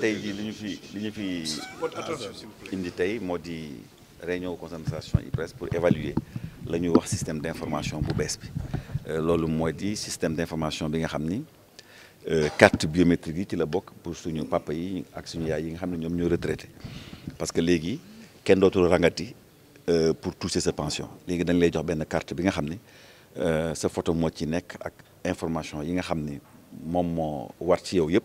tey jii li ñu fi li fi indi tey moo di réunion concentration presse pour évaluer le nouveau wax système d'information bu BESP. bi euh, loolu mooy di système d'information bi nga xam euh, carte biométrique ci la bokk pour suñu papa yi ak suñu yaay yi nga xamni ñom ñoo retraité parce que légui kenn dootul rangati euh, pour toucher sa pension légui dañ lay jox ben carte bi nga xamni euh, sa photo mo ci nek ak information yi nga xamni mom mo war ci yow yépp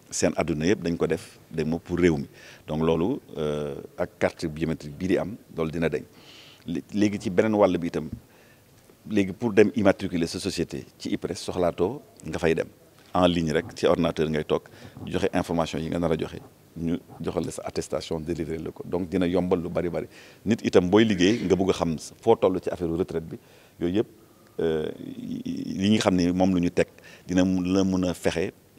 sen aduna yeb dañ ko def demo pour rewmi mi donc loolu euh, ak carte biométrique bi di am loolu dina dañ léegi ci benen wàll bi itam léegi pour dem immatriculer sa société ci IPRES soxlaatoo nga fay dem en ligne rek ci ordinateur ngay tok joxe information yi nga nar a joxe ñu joxal la sa attestation délivré la ko donc dina yombal lu bari bari nit itam boy liggéey nga bëgg xam fo tollu ci affaire retraite bi yooyu yëpp li euh, nga xamni mom lu ñu tek dina la mëna fexé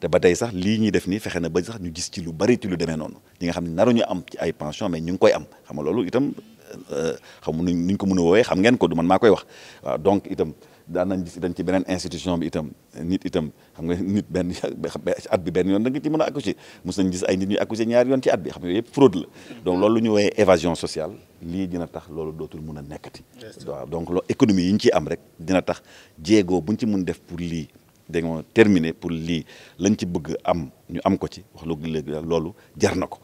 té ba tay sax li ñi def ni fexé na ba sax ñu gis ci lu bari ci lu démé non ñi nga xamni naru ñu am ci ay pension mais ñu ngi koy am xam nga lolu itam euh, xam nu ñu ko mëna a xam ngeen ko du man maa koy wax wa donc itam da nañ gis itam ci benen institution bi itam nit itam xam nga nit ben at bi ben yoon da nga ci mëna accusé nañ gis ay nit ñu accusé ñaar yoon ci at bi xam nga yépp fraude la donc lolu ñu woowee évasion sociale li dina tax lolu dootul mun nekkati donc lo économie yi ñu am rek dina tax buñ ci mëna def pour li dañoo terminé pour lii lañ ci bëgg am ñu am ko ci wax loolu léegi jar na ko.